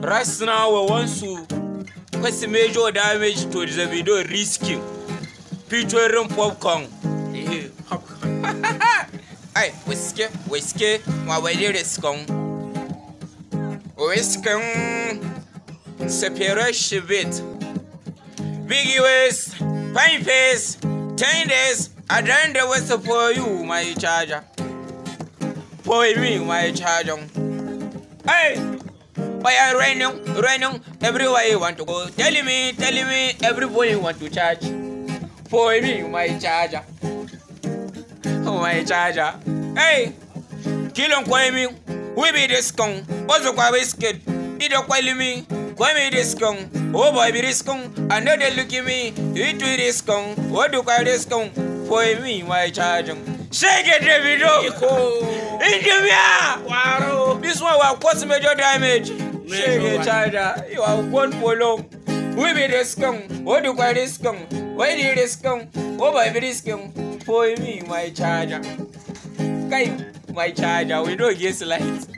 Right now, we want to cause major damage to the video risking featuring popcorn. Popcorn. Hey, whiskey, whiskey, my way risking. Whisking, separation bit. Big US, Pine Face, 10 days, I done the West for you, my charger. For me, my charger. Hey! But I'm raining, raining everywhere you want to go. Tell me, tell me everywhere want to charge. For me, my charger. Oh, my charger. Hey, kill on Kwame. We be this con. What's the Kwame skid? Ido Kwame. Kwame this con. Oh, boy, be this con. I know they look at me. It be this con. What do I this con? For me, my charger. Shake it, David. Injimia! Wow. This one will cause major damage shege chada iwa gon polo wibi riskan wadi kwa riskan wadi riskan oba bi riskan for me my charger, kai my charger, we don't get light